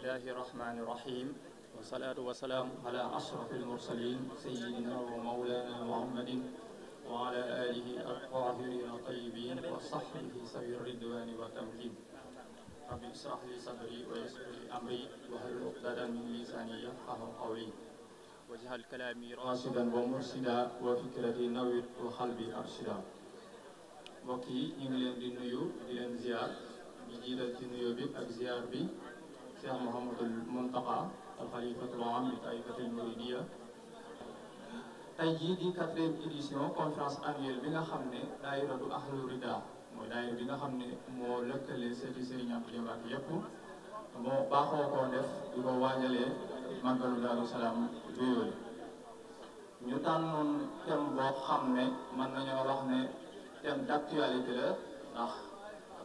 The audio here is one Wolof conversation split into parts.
الله الرحمن الرحيم والصلاة والسلام على أشرف المرسلين سيدنا ومولانا محمد وعلى آله الطاهرين الطيبين وصحبه سبيل الرضوان والتمكين رب اشرح لي صدري ويسر لي أمري وهل عقدة من لساني يفقه قولي واجعل كلامي راشدا ومرشدا وفكرتي نوير وقلبي أرشدا mbokk yi ñu ngi leen di nuyu di leen ziar di jiital ci nuyu bi ak ziar bi Cheikh Mouhamadul Mountakha alxalifatul am li taifatil muridiya tey jii di quatrième édition conférence annuelle bi nga xam ne daayira du Ahlu Rida mooy daayira bi nga xam ne moo lëkkale sëti Serigne Abdou Diambacké yépp moo baaxoo koo def di ko waajalee màggalu Daaru Salaam yooyu ñu tànnoon thème boo xam ne man nañoo wax ne thème d'actualité la ndax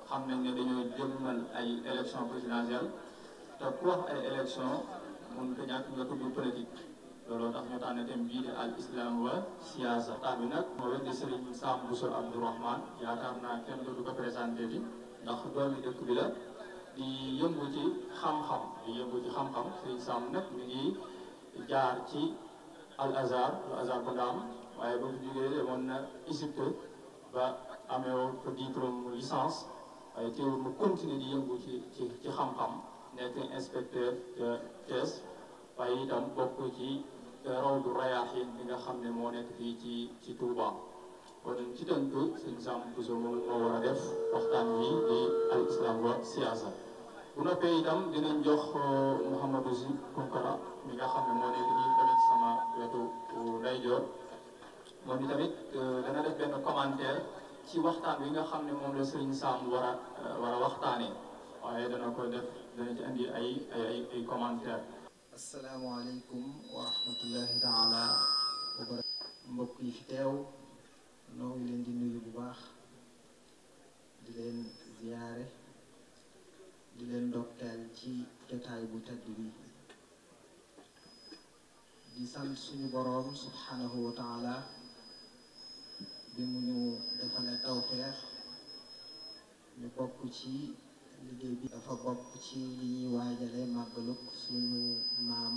xam nañ ne dañoo jëmmal ay élection présidentielle te ku wax ay élection mun ko ñàkk nga tudd politique looloo tax ñu tànn na bii di al islam wa siyaasa tax bi nag moo weddi Serigne Sam Bousso Abdourahmane yaakaar naa kenn dootu ko présenté bi ndax doomi dëkk bi la di yëngu ci xam di yëngu ci xam-xam Serigne Sam nag mi ngi jaar ci al azar lu azar waaye ba mu jógee demoon na Égypte ba amee woon ko diplôme licence waaye teewul mu continuer di yëngu ci ci ci xam-xam nekk inspecteur de Thiès waaye itam bokk ci rawdu rayaaxin bi nga xam ne moo nekk fii ci ci Touba kon ci tënk sëñ Sam Bousso moom moo war a def waxtaan wi di al islam wa siyaasa bu noppee itam dinañ jox euh, Mouhamadou Sy Konkara mi nga xam ne moo nekk nii sama wetu ndeyjoor moom itamit euh, dana def benn commentaire ci waxtaan wi nga xam ne moom la sëñ Sam war a euh, war a waaye dana ko def dana ci wa mbokk yi teew noo ngi leen di nuyu bu baax di leen ziyaare di leen dokteel ci jotaay bu tedd sant suñu boroom subhanahu wa bi mu ñu defalee tawfeex ñu bokk ci liggéey bi dafa bokk ci li ñuy waajale màggalug suñu maam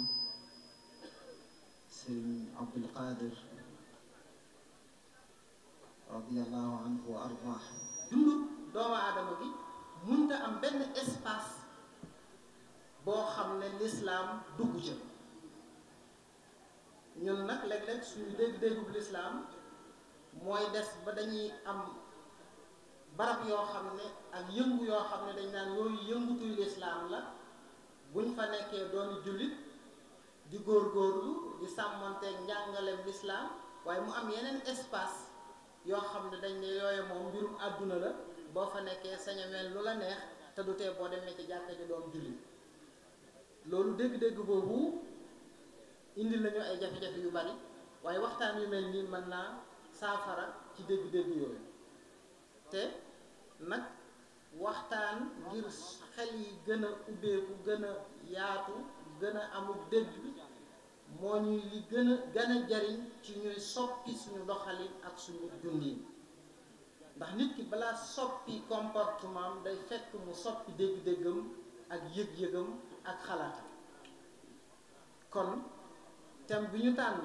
sëriñ Abdul Qadir radiallahu anhu wa dundu doomu aadama bi munta am benn espace boo xam ne lislaam dugg ca ñun nag léeg-léeg suñu dégg-déggub lislaam mooy des ba dañuy am barab yoo xam ne ak yëngu yoo xam ne dañ naan yooyu yëngutuy lislaam la buñ fa nekkee doon jullit di góorgóorlu di sàmmanteeg njàngaleem lislaam waaye mu am yeneen espace yoo xam ne dañ ne yooye moom mbirum àdduna la boo fa nekkee sañ a mel lu la neex te du tee boo demee ci jàkka ji doon jullit loolu dégg-dégg boobu indi lañu ay jafe-jafe yu bari waaye waxtaan yu mel nii mën naa saafara ci dégg-dégg yooyu te nag waxtaan ngir xel yi gën a ubbeeku gën a yaatu gëna a amul dëgg moo ñuy li gën gëna jariñ ci ñuy soppi suñu doxalin ak suñu dundin ndax nit ki balaa soppi comportement day fekk mu soppi dégg-déggam ak yëg-yëgam ak xalaatam kon thème bi ñu tànn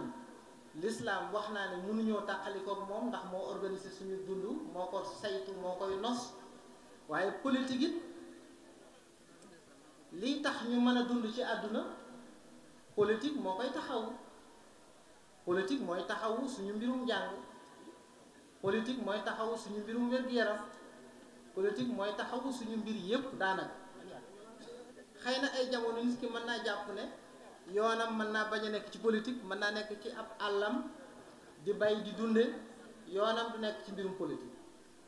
l'islam wax naa ne mënuñoo tàqalikoog moom ndax moo organiser suñu dund moo ko saytu moo koy nos waaye politique it liy tax ñu mën a dund ci àdduna politique moo koy taxawu politique mooy taxawu suñu mbirum jàng politique mooy taxawu suñu mbirum wér yaram politique mooy taxawu suñu mbir yëpp daanaka xëy na ay jamono nit ki mën naa jàpp ne yoonam mën naa bañ a nekk ci politique mën naa nekk ci ab àllam di bay di dunde yoonam du nekk ci mbirum politique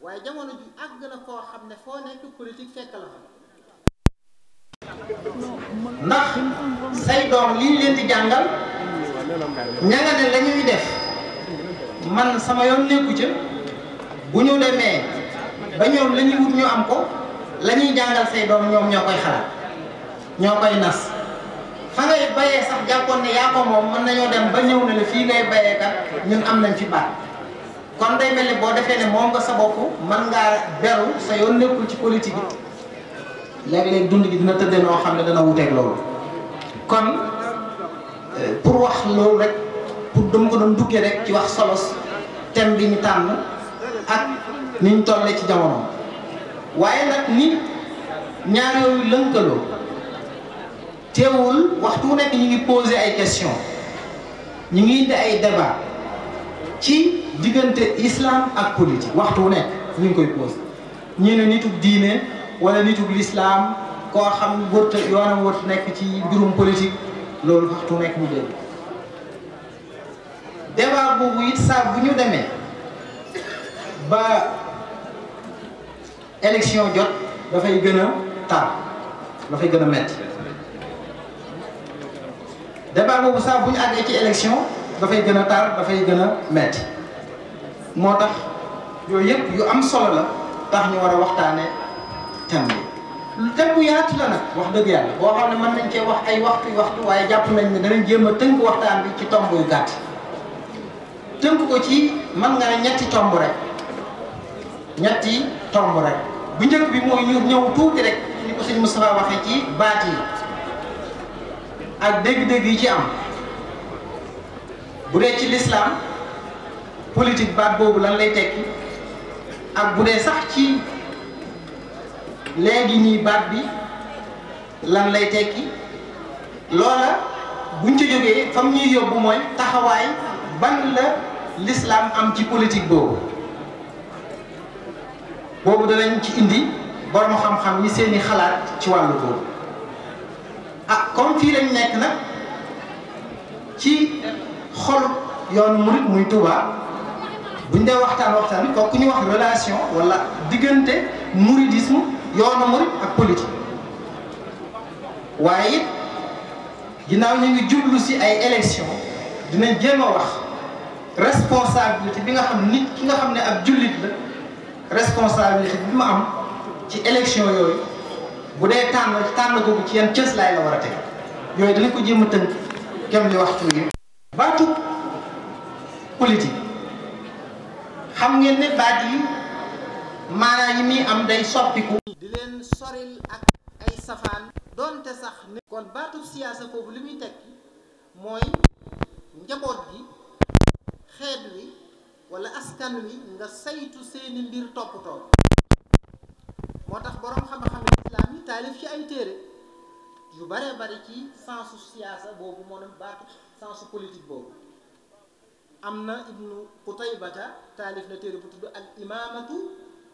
waaye jamono ju àgg na koo xam ne foo nekk politique fekk la fa ndax say doom lii leen di jàngal ña nga def man sama yoon nekku ca bu ñu demee ba ñoom la wut ñu am ko la ñuy jàngal say doom ñoom ñoo koy xalaat ñoo koy nas fa ngay bayee sax jàppoon ne yaa ko moom mën nañoo dem ba ñëw ne la fii ngay bayee kat ñun am nañ ci baat kon day mel ni boo defee ne moom nga sa bopp mën ngaa beru sa yoon nekkul ci politique yi léeg-léeg dund gi dina tëddee noo xam ne dana wuteeg loolu kon euh, pour wax loolu rek pour dama ko doon duggee rek ci wax solos tem bi ñu tànn ak niñ tollee ci jamono waaye nag ni ñaar yooyu lënkaloo teewul waxtu wu nekk ñu ngi poser ay question ñu ngi indi ay débat ci diggante islam ak politique waxtu wu nekk ñu ngi koy poser ñu ne nitug diine wala nitug l'islam koo xam wërta yoonam wërta nekk ci mbirum politique loolu waxtu wu nekk mu dégg débat boobu it saa bu ñu demee ba élection jot dafay gën a tar dafay gën a metti débat boobu saa bu ñu àggee ci élection dafay gën a taar dafay gën a metti moo tax yooyu yëpp yu am solo la tax ñu war a waxtaanee thème bi thème bu yaatu la nag wax dëgg yàlla boo xam ne mën nañ cee wax ay waxtu waxtu waaye jàpp nañ ne danañ jéem a tënk waxtaan bi ci tomb yu gàtt tënk ko ci mën nga ñetti tomb rek ñetti tomb rek bu njëkk bi mooy ñu ñëw tuuti rek ni ko sëñ Moustapha waxee ci baat yi ak dégg-dégg yi ci am bu dee ci lislaam politique baat boobu lan lay tekki ak bu dee sax ci léegi nii baat bi lan lay tekki loola buñ ci jógee fam ñuy yóbbu mooy taxawaay ban la lislaam am ci politique boobu boobu danañ ci indi borom xam-xam yi seeni xalaat ci wàllu boobu ah comme fii lañ nekk nag ci xol yoon murit muy Touba buñ dee waxtaan waxtaan bi kooku ñu wax relation wala diggante mouridisme yoonu murit ak politique waaye it ginnaaw ñu ngi jublu si ay élection dinañ jéem a wax responsabilité bi nga xam nit ki nga xam ne ak jullit la responsabilité bi mu am ci élection yooyu bu dee tànn tànn googu ci yan cës laay la war teg yooyu danañ ko jéem a tënk kem li waxtu yi baatu politique xam ngeen ne baat yi maanaa yi muy am day soppiku di leen soril ak ay safaan doonte sax ne kon baatub siyaasa foofu li muy tekki mooy njaboot gi xeet wi walla askan wi nga saytu seeni mbir toppatoo moo tax borom xam-xam islam yi taalif ci ay téere yu bare bari ci sensu siyaasa boobu moo baatu sensu politique boobu am na ibnu Qutaybata taalif na téere bu tudd al imaamatu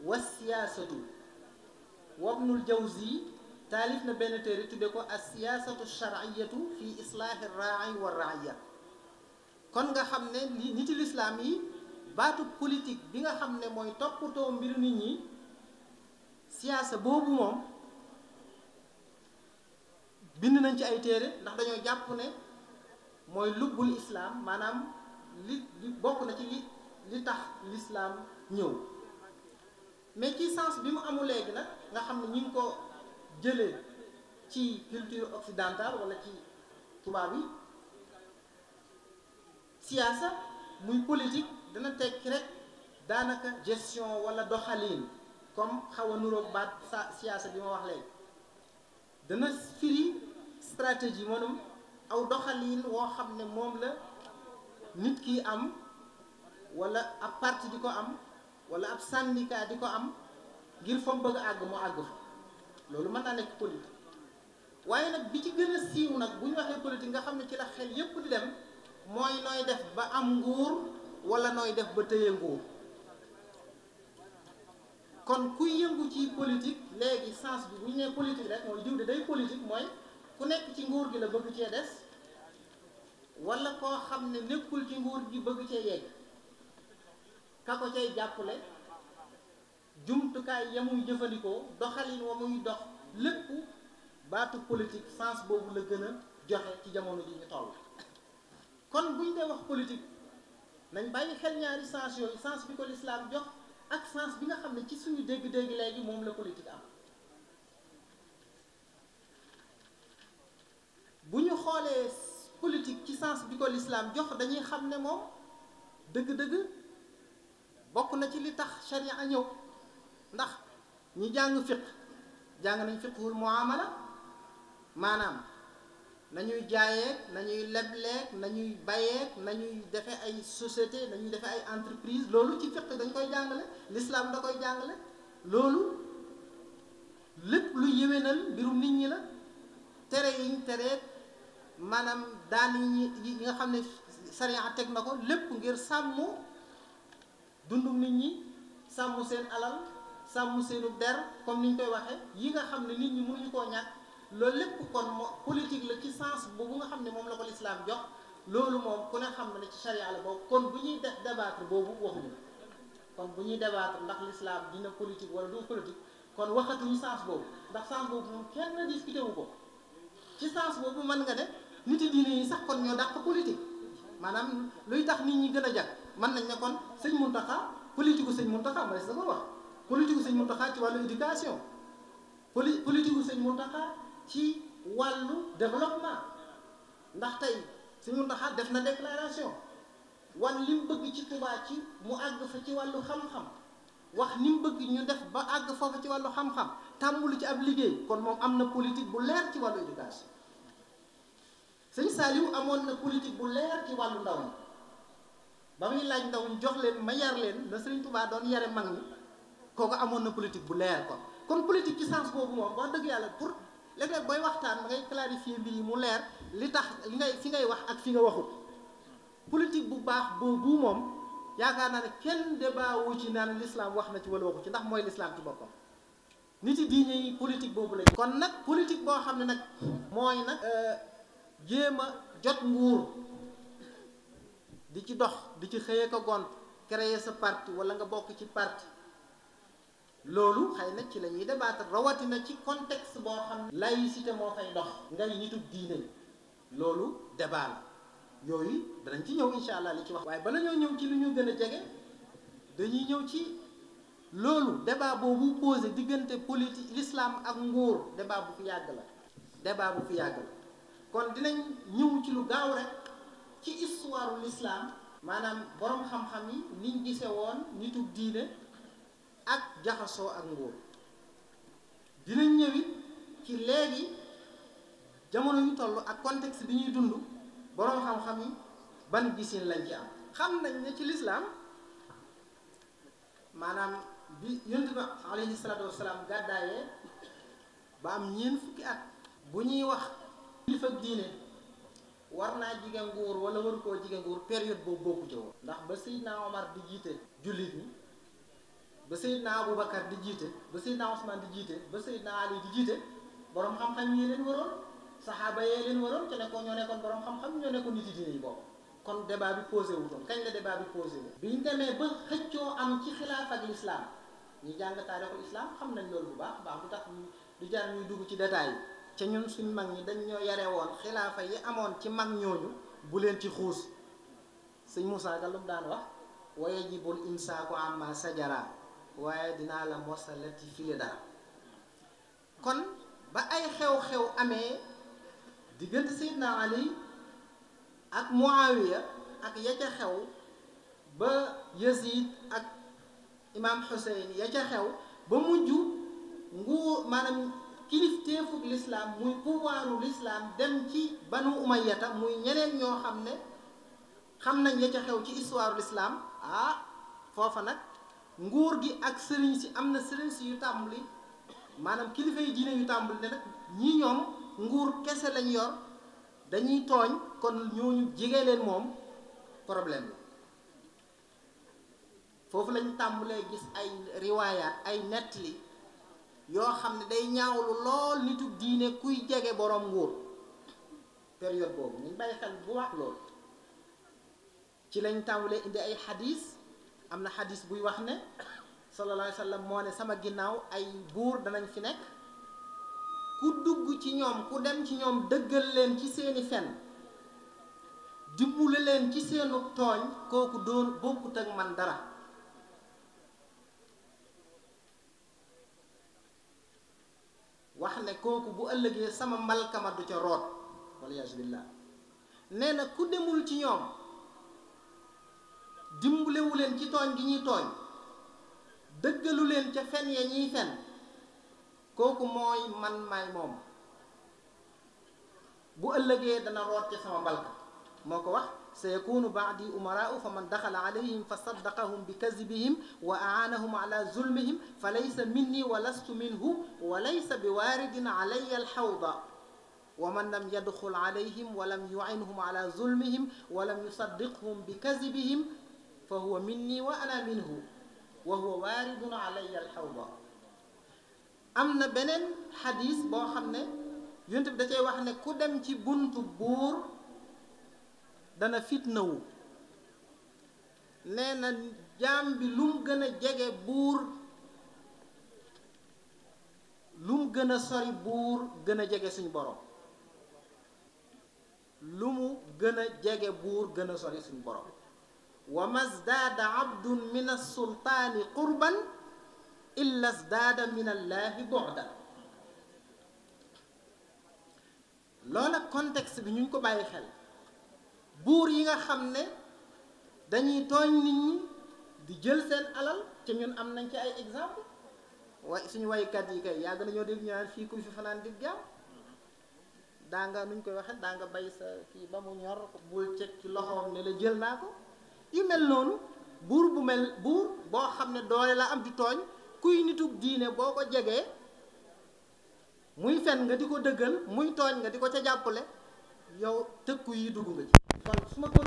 wa siyaasatu wa ibnul Jawzi taalif na benn téere tudde ko as siyaasatu shar'iyatu fi islaahi raa'i wa raaya kon nga xam ne niti lislaam yi baatu politique bi nga xam ne mooy toppatoo mbiru nit ñi siyaasa boobu moom bind nañ ci ay téere ndax dañoo jàpp ne mooy lubbul islaam maanaam li li bokk na ci li li tax lislaam ñëw mais ci sens bi mu amul léegi nag nga xam ne ñu ngi ko jëlee ci culture occidentale wala ci tubaab yi siyaasa muy politique dana tekki rek daanaka gestion wala doxalin comme xaw a nuróog baat sa siyaasa bi ma wax léegi dana firi stratégie maanaam aw doxalin woo xam ne moom la nit ki am wala ab parti di ko am wala ab syndicat di ko am ngir fa mu bëgg àgg mu àgg fa loolu mën naa nekk politique waaye nag bi ci gën a siiw nag bu ñu waxee politique nga xam ne ci la xel yépp di dem mooy nooy def ba am nguur wala nooy def ba tëye nguur kon kuy yëngu ci politique léegi sens bi bu ñu nee politique rek mooy jiw de day politique mooy ku nekk ci nguur bi la bëgg cee des wala koo xam ne nekkul ci nguur gi bëgg cee yegg ka ko cay jàppale jumtukaay ya muy jëfandikoo doxalin wa muy dox lépp baatu politique sens boobu la gën a joxe ci jamono ji ñu toll kon buñ dee wax politique nañ bàyyi xel ñaari sens yooyu sens bi ko lislaam jox ak sens bi nga xam ne ci suñu dégg-dégg léegi moom la politique am bu ñu xoolee politique ci sens bi ko lislaam jox dañuy xam ne moom dëgg-dëgg bokk na ci li tax sharia ñëw ndax ñi jàng fiq jàng nañ fiqhul muamala maanaam nañuy jaayeek nañuy lebleek nañuy bayeek nañuy defe ay société nañuy defe ay entreprise loolu ci fiq dañ koy jàngale lislaam da koy jàngale loolu lépp lu yéwénal mbirum nit ñi la tere yiñ tereet maanaam daan yi nga xam ne sariya teg na ko lépp ngir sàmm dundu nit ñi sàmm seen alal sàmm seenu ber comme ni ñu koy waxee yi nga xam ne nit ñi mënuñu koo ñàkk loolu lépp kon mo politique la ci sens boobu nga xam ne moom la ko lislaam jox loolu moom ku ne xam ne ci charia la boobu kon bu ñuy def débattre boobu waxuñu kon bu ñuy débattre ndax lislaam dina politique wala du politique kon waxatuñu sens boobu ndax sens boobu moom kenn discuté wu ko ci sens boobu man nga ne nit yi diine yi sax kon ñoo dàq politique maanaam luy tax nit ñi gën a jag mën nañ ne kon sëñ Muntaxa politique gu sëñ Muntaxa ma des na ko wax politique gu sëñ Muntaxa ci wàllu éducation poli politique gu sëñ Muntaxa ci wàllu développement ndax tey si mun taxaa def na déclaration wan li mu bëgg ci Touba ci mu àgg fa ci wàllu xam-xam wax ni mu bëgg ñu def ba àgg foofu ci wàllu xam-xam tàmbulu ci ab liggéey kon moom am na politique bu leer ci wàllu éducation sëñ Saliou amoon na politique bu leer ci wàllu ndaw ñi ba muy laaj ndaw ñu jox leen ma yar leen na sëriñ Touba doon yare mag ñi kooku amoon na politique bu leer kon kon politique ci sens boobu moom wax dëgg yàlla pour léeg booy waxtaan da ngay clarifier mbir yi mu leer li tax li ngay fi ngay wax ak fi nga waxut politique bu baax boobu moom yaakaar naa ne kenn débat wu ci naan l'islam wax na ci wala waxu ci ndax mooy l'islam ci boppam nit yi diine yi politique boobu lañ kon nag politique boo xam ne nag mooy nag euh, jéem a jot nguur di ci dox di ci xëyee ko gont créer sa parti wala nga bokk ci parti loolu xëy na ci la ñuy débattre rawatina ci contexte boo xam ne laïcité moo fay dox ngay nitub diine loolu débat la yooyu danañ ci ñëw incha allah li ci wax waaye bala ñoo ñëw ci lu ñu gën a jege dañuy ñëw ci loolu débat boobu posé diggante politique lislaam ak nguur débat bu fi yàgg la débat bu fi yàgg la kon dinañ ñëw ci lu gaaw rek ci histoire l'islam maanaam boroom xam-xam yi niñ gise woon nitub diine ak jaxasoo ak nguur dinañ ñëwi ci léegi jamono yu toll ak contexte bi ñuy dund boroom xam-xam yi ban gisin lañ ci am xam nañ ne ci lislaam maanaam bi yonent ba alayhi salaatu wasalaam gàddaayee ba am ñeent fukki at bu ñuy wax kilifa diine war naa jige nguur wala war koo jige nguur période boobu bokku ci ndax ba Seydina Omar di jiite jullit ñi ba Seydina Aboubacar di jiite ba Seydina Ousmane di jiite ba Seydina Ali di jiite borom xam-xam yi leen waroon saxaaba yee leen waroon te nekkoon ñoo nekkoon borom xam-xam ñoo nekkoon nit yi diine yi boobu kon débat bi posé wu doon kañ la débat bi posé bi ñu demee ba xëccoo am ci xilaaf ak lislaam ñu jàng taarixu islam xam nañ loolu bu baax baax bu tax du jar ñuy dugg ci détail yi ca ñun suñ mag ñi dañ ñoo yare woon xilaafa yi amoon ci mag ñooñu bu leen ci xuus sëñ Moussa Gallum daan wax waye jibul insaaku amma sajara waaye dinaa la mosala ci file dara kon ba ay xew-xew amee diggante Seydina Ali ak Muawiya ak ya ca xew ba Yazid ak Imam Hussein ya ca xew ba mujj nguur maanaam kilifteefug lislaam muy pouvoiru lislaam dem ci banu umayyata muy ñeneen ñoo xam ne xam nañ ya ca xew ci histoire lislaam ah foofa nag nguur gi ak sëriñ si am na sëriñ si yu tàmbali maanaam kilifa yi diine yu tàmbali ne nag ñii ñoom nguur kese lañ yor dañuy tooñ kon ñooñu jege leen moom problème la foofu lañ tàmbalee gis ay riwaayaat ay nettali yoo xam ne day ñaawlu lool nitu diine kuy jege boroom nguur période boobu ñu bàyyi xel bu wax loolu ci lañ tàmbalee indi ay xadiis am na xadis buy wax ne sallallahu alayhi wa moo ne sama ginnaaw ay buur danañ fi nekk ku dugg ci ñoom ku dem ci ñoom dëggal leen ci seeni fen dimbule leen ci seenu tooñ kooku doon bokkut ak man dara wax ne kooku bu ëllëgee sama mbalkama du ca root wala yasubillah nee na ku demul ci ñoom dimbalewu leen ci tooñ gi ñuy tooñ dëggalu leen ca fen ya ñuy fen kooku mooy man maay moom bu ëllëgee dana root ci sama mbalka moo ko wax sa yakunu baadi umaraau fa man daxala alayhim fa saddaqahum bi kazibihim wa aanahum ala zulmihim fa laysa minni wa lastu minhu wa laysa bi waaridin alaya alxawda wa man lam yadxul alayhim wa lam yuinhum ala zulmihim wa lam yusaddiqhum bi kazibihim fa huwa minni wa ana minhu wa huwa waaridun am na beneen xadiis boo xam ne yonent bi da cay wax ne ku dem ci buntu buur dana fitnawu nee na jaam bi lu mu gën a jege buur lu mu gën a sori buur gën a jege suñ borom lu mu gën a jege buur gën a sori suñu borom wa masdaada abdun min alsultaani qurban illa sdaada min allaahi bu'dan loola contexte bi ñu ko bàyyi xel buur yi nga xam ne dañuy tooñ nit ñi di jël seen alal te ñun am nañ ci ay exemple waaye suñu waykat yi kay yàgg nañoo dégg ñu fii ku fi fanaan dig jaam daa nga nuñ koy waxee daa nga bay sa kii ba mu ñor bul ceg ci loxoom ne la jël naa ko yu noonu buur bu mel buur boo xam ne doole la am di tooñ kuy nitug diine boo ko jegee muy fen nga di ko dëggal muy tooñ nga di ko ca jàppale yow tëkku yi dugg nga ci su ma ko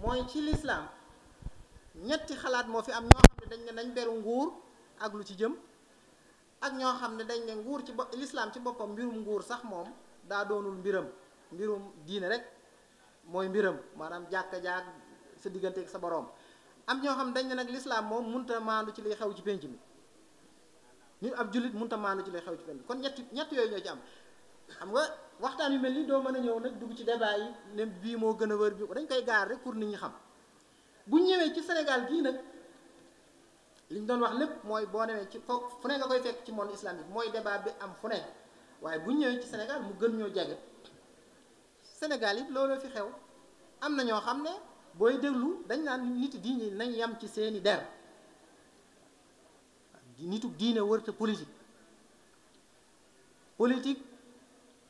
mooy ci lislaam ñetti xalaat moo fi am ñoo xam ne dañ ne nañ beru nguur ak lu ci jëm ak ñoo xam ne dañ ne nguur ci bo lislaam ci boppam mbirum nguur sax moom daa doonul mbiram mbirum diine rek mooy mbiram maanaam jàkka jaag sa diggante ak sa boroom am ñoo xam dañ ne nag lislaam moom munta maandu ci liy xew ci penc mi ñu ab jullit munta maandu ci liy xew ci penc mi kon ñetti ñett yooyu ñoo ci am xam nga waxtaan yu mel ni doo mën a ñëw nag dugg ci débat yi ne bii moo gën a wër bi dañ koy gaar rek pour nit ñi xam bu ñëwee ci senegal gii nag li doon wax lépp mooy boo demee ci fo fu ne nga koy fekk ci monde islamique mooy débat bi am fu ne waaye bu ñëwee ci Sénégal mu gën ñoo jege xew booy déglu dañ naan nit diine nañ yam ci seeni der nitu diine wërte politique politique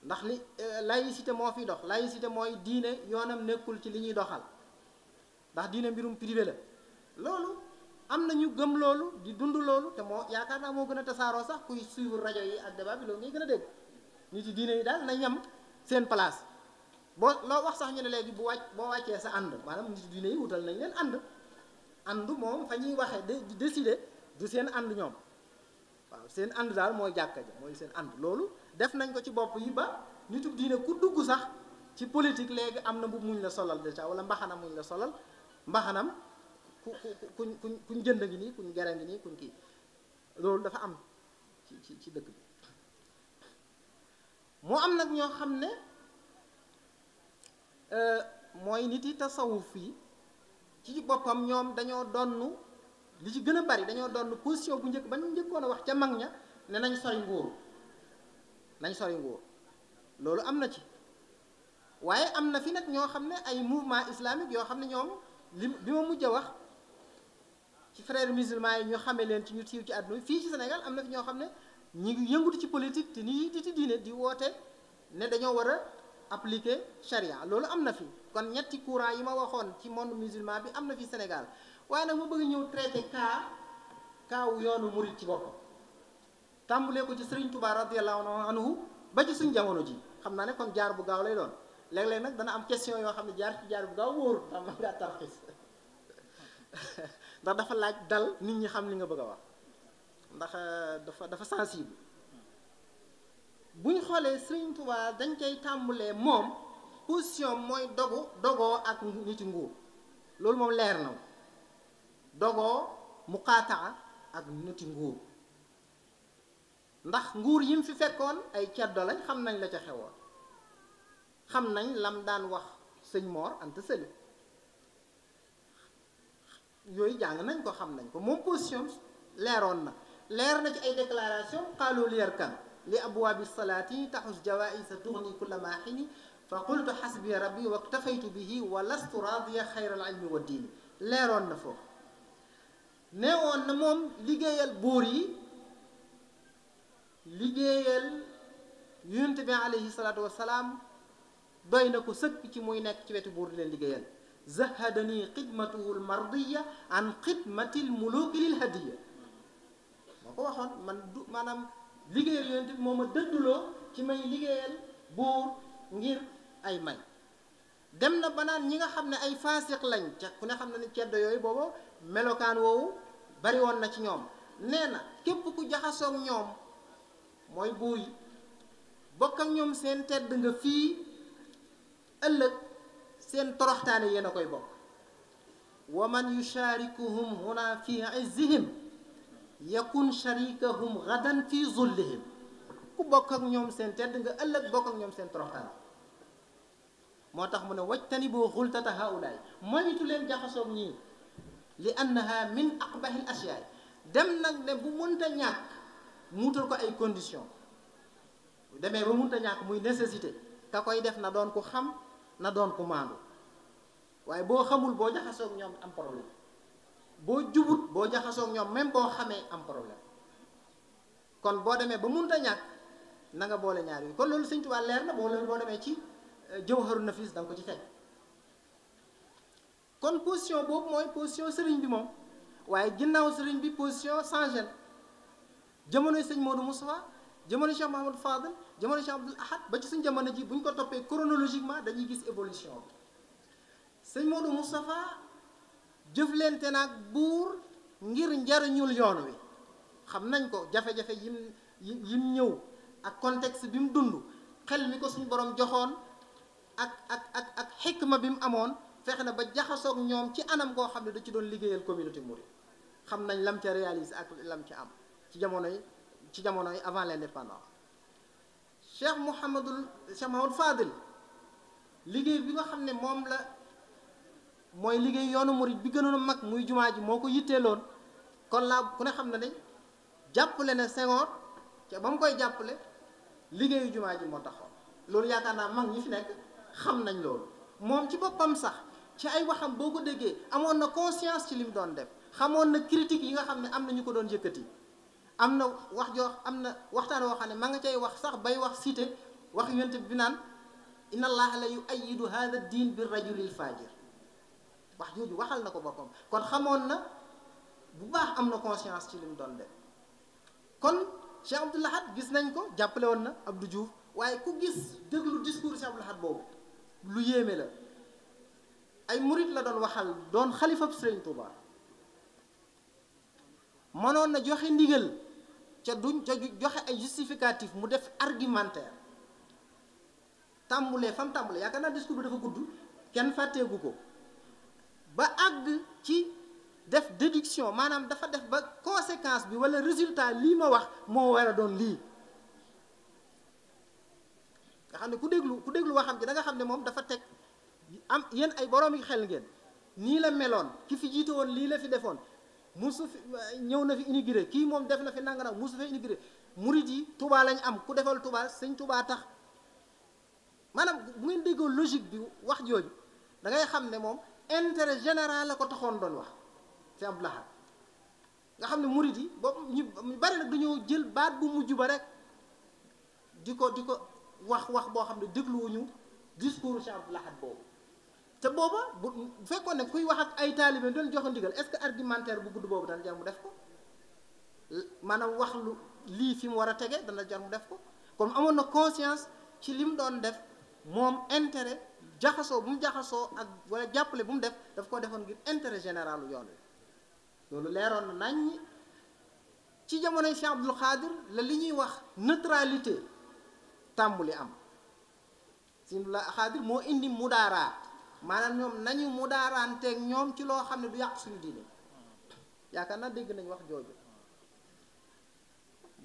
ndax li euh, laïcité moo fi dox laïcité mooy diine yoonam nekkul ci li ñuy doxal ndax diine mbirum privé la loolu am na ñu gëm loolu di dund loolu te moo yaakaar naa moo gën a tasaaroo sax kuy suivre rajo yi ak débat bi loolu ngay gën a dégg nit yi diine yi daal nañ yam seen place boo loo wax sax ñu ne léegi bu wàcc boo wàccee sa ànd maanaam nit dina yi wutal nañ leen ànd ànd moom fa ñuy waxee di décider du seen ànd ñoom waaw seen ànd daal mooy jàkka ja mooy seen ànd loolu def nañ ko ci bopp yi ba nitu diine ku dugg sax ci politique léegi am na mbubb muñ la solal déjà wala mbaxanam muñ la solal mbaxanam ku kuñ kuñ jënd ngi nii kuñ gere ngi nii kuñ kii loolu dafa am ci ci ci dëkk moo am nag ñoo xam ne Euh, mooy nit yi tasawuf yi ci boppam ñoom dañoo donn li ci gën a bari dañoo donn position bu njëkk ba ñu njëkkoon a wax ca mag ña ne nañ sori nguur nañ sori nguur loolu am na ci waaye am na fi nag ñoo xam ne ay mouvement islamique yoo xam ne ñoom li bi ma mujj a wax ci frères musulmans yi ñu xame leen ci ñu siiw ci àdduna fii ci senegal am na fi ñoo xam ne ñu ngi yëngutu ci politique te nii di ci diine di woote ne dañoo war a appliquer charia loolu am na fi kon ñetti courant yi ma waxoon ci mon musulman bi am na fi Sénégal waaye nag ma bëgg ñëw traité cas cas yoonu murit ci boppam tàmbulee ko ci Serigne Touba radiyallahu anhu ba ci suñ jamono ji xam naa ne kon jaar bu gaaw lay doon léeg-léeg nag dana am question yoo xam ne jaar ci jaar bu gaaw wóoru ndax man ngaa tarxis ndax dafa laaj dal nit ñi xam li nga bëgg a wax ndax euh, dafa dafa sensible bu xoolee Serigne Touba dañ koy tàmbalee moom position mooy dogu dogoo ak nit nguur loolu moom leer na dogoo muqaataa ak nit nguur ndax nguur yim fi fekkoon ay ceddo xam nañ la ca xewoon xam nañ lam daan wax sëñ Mor Anta Sali yooyu jàng nañ ko xam nañ ko moom position leeroon na leer na ci ay déclaration xaaloo leer kan li abwaabi salaati taxus jawaisa turni kulla maaxini fa qultu xasbi rabbi wa ktafaytu bihi wa lastu raadiya xayral ilmi wa diini leeroon na foofu nee woon na moom liggéeyal buur yi liggéeyal yonent bi alayhi salaatu wasalaam doy na ko sëkk ci muy nekk ci wetu buur di leen liggéeyal zahadani xidmatuhu lmardiya an xidmati lmuluki lilhadiya moo ko waxoon man du maanaam liggéeyal yonent bi moo ma dëdduloo ci may liggéeyal buur ngir ay may dem na ba naan ñi nga xam ne ay faasiq lañ ca ku ne xam ne ni ceddo yooyu booba melokaan woowu bari woon na ci ñoom nee na képp ku jaxasoog ñoom mooy buur yi ñoom seen tedd nga fii ëllëg seen toroxtaane yéen a koy bokk wa man yusharikuhum huna fi izzihim yakun sharikahum gadan fi zullihim ku bokk ak ñoom seen tedd nga ëllëg bokk ak ñoom seen toroxtaan moo tax mu ne wajtani boo xultata haulaay moytu leen jaxasoog ñii li annaha min aqbahil asiyaay dem nag ne bu munta ñàkk muutal ko ay condition demee ba munta ñàkk muy nécessité ka koy def na doon ku xam na doon ku maandu waaye boo xamul boo jaxasoog ñoom am problème boo jubut boo jaxasook ñoom même boo xamee am problème kon boo demee ba munta ñàkk na nga boole ñaar yi kon loolu sëñ Tuubaa leer na boo loolu boo demee ci euh, jawharu nafis da nga ko ci fekk kon position boobu mooy position sëriñ bi moom waaye ginnaaw seriñ bi position changé na jamonoy sëñ moodu Moustapha jamono Cheikh Mahamadou Fadel jamono Cheikh Abdoul ba ci suñ jamono ji bu ko toppee chronologiquement dañuy gis évolution bi sëñ jëflante naag buur ngir njariñul yoon wi xam nañ ko jafe-jafe yi mu ñëw ak contexte bi mu dund xel mi ko suñu borom joxoon ak ak ak ak xikma bi mu amoon fexe na ba jaxasook ñoom ci anam koo xam ne da ci doon liggéeyal communauté mouride xam nañ lam ca réalise ak lam ci am ci jamonoy ci jamonoy avant l'indépendance Cheikh Mouhamadul Cheikh Mouhamadou Fadil liggéey bi nga xam ne moom la mooy liggéey yoonu murit bi gënoon a mag muy jumaa ji moo ko loon kon laa ku ne xam ne ne jàppale ne Senghor ca ba mu koy jàppale liggéeyu jumaa ji moo taxoon loolu yaakaar naa mag ñi fi nekk xam nañ loolu moom ci boppam sax ci ay waxam boo ko déggee amoon na conscience ci li mu doon dem xamoon na critique yi nga xam ne am na ñu ko doon yëkkati am na wax joo am na waxtaan woo xam ne ma nga cay wax sax bay wax cité wax yonent bi naan inna allaha la yuayidu hada diin bi rajulil fajir wax jooju waxal na ko boppam kon xamoon na bu baax am na conscience ci li doon def kon Cheikh Abdou gis nañ ko jàppale woon na Abdou Diouf waaye ku gis déglu discours Cheikh Abdou Lahad boobu lu yéeme la ay murit la doon waxal doon xalifab Sëriñ Tuuba mënoon na joxe ndigal ca duñ ca joxe ay justificatif mu def argumentaire tàmbulee fam tàmbulee yaakaar naa discours bi dafa gudd kenn fàtteegu ko ba àgg ci def déduction maanaam dafa def ba conséquence bi walla résultat lii ma wax moo war a doon lii nga xam ne ku déglu ku déglu waxam ji da nga xam ne moom dafa teg am yéen ay boroom yi xel ngeen nii la meloon ki fi jiite woon lii la fi defoon musu fi ñëw na fi inauguré kii moom def na fi nanga nag musu fi inauguré murit yi Tuubaa lañ am ku defal Tuubaa sëñ Tuubaa tax maanaam bu ngeen déggoo logique bi wax jooju da ngay xam ne moom intérêt général la ko taxoon doon wax ci Abdou Lahad nga xam ne murid yi boobu ñu bari nag dañoo jël baat bu mujj ba rek di ko di ko wax wax boo xam ne dégluwuñu discours ci Abdou Lahad boobu te booba bu fekkoon ne kuy wax ak ay taalibe doon joxe ndigal est-ce que argumentaire bu gudd boobu dana jar mu def ko maanaam wax lu lii fi mu war a tege dana jar mu def ko comme amoon na conscience ci li mu doon def moom intérêt jaxasoo bu mu jaxasoo ak wala jàppale bu mu def daf koo defoon ngir intérêt général yoon wi loolu leeroon na naññi ci jamonoy Cheikh Abdul Xaadir la li ñuy wax neutralité tàmbuli am Cheikh Abdul Xaadir moo indi mudaaraat maanaam ñoom nañu mudaaraanteeg ñoom ci loo xam ne du yàq suñu diine yaakaar naa dégg nañ wax jooju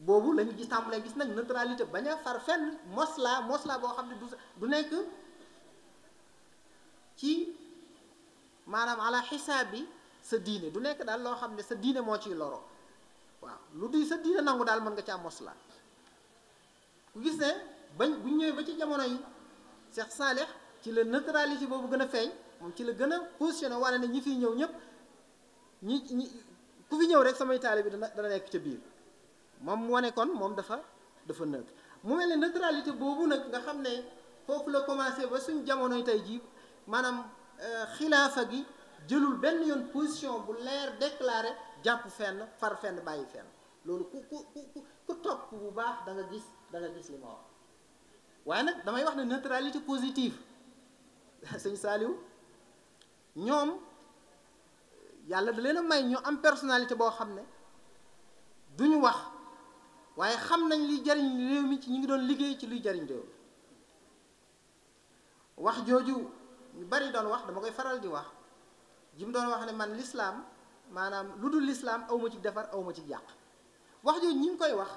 boobu lañu gis tàmbalee gis nag neutralité bañ a far fenn moslaa moslaa boo xam ne du du nekk ci maanaam ala xisaab bi sa diine du nekk daal loo xam ne sa diine moo ciy loro waaw lu di sa diine nangu daal mën nga ca laa ku gis ne bañ bu ñëwee ba ci jamono yi Cheikh Salih ci la neutralité boobu gën a feeñ moom ci la gën a positionné wane ne ñi fiy ñëw ñëpp ñi ñi ku fi ñëw rek samay taalibe bi dana dana nekk ca biir moom wane kon moom dafa dafa neutre mu mel ne neutralité boobu nag nga xam ne foofu la commencé ba suñ jamonoy tey jii maanaam euh, xilaafa gi jëlul benn yoon position bu leer déclaré jàpp fenn far fenn bàyyi fenn loolu ku ku ku ku topp bu baax da nga gis da nga gis li ma wax waaye nag damay wax ne neutralité positive sëñ Saliou ñoom yàlla da leen a may ñu am personnalité boo xam ne duñu wax waaye xam nañ liy jariñ réew mi ci ñu ngi doon liggéey ci luy jariñ réew mi wax jooju ñu bari doon wax dama koy faral di wax ji mu doon wax ne man lislaam maanaam lu dul lislaam aw ma ci defar aw ma ci yàq wax jooju ñi ngi koy wax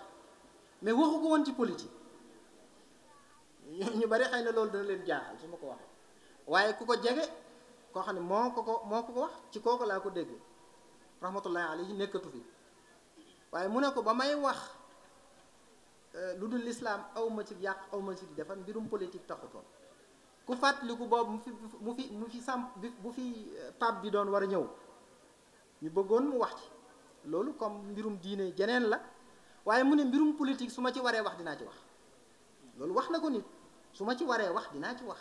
mais waxu woon ci politique ñu bari xëy na loolu dana leen jaaxal su ma ko waxee waaye ku ko jege koo xam ne moo ko ko moo ko ko wax ci kooku ko dégg rahmatullahi nekkatu fi waaye mu ne ko ba may wax euh, lu dul lislaam aw ma ci yàq aw ma ci defar mbirum politique taxutoon ku fàttaliku boobu mu fi mu fi mu fi sam bu fi eh, pape bi doon war a ñëw ñu bëggoon mu wax ci loolu comme mbirum diine jeneen la waaye mu ne mbirum politique su ma ci waree wax dinaa ci wax loolu wax na ko nit su ma ci waree wax dinaa ci wax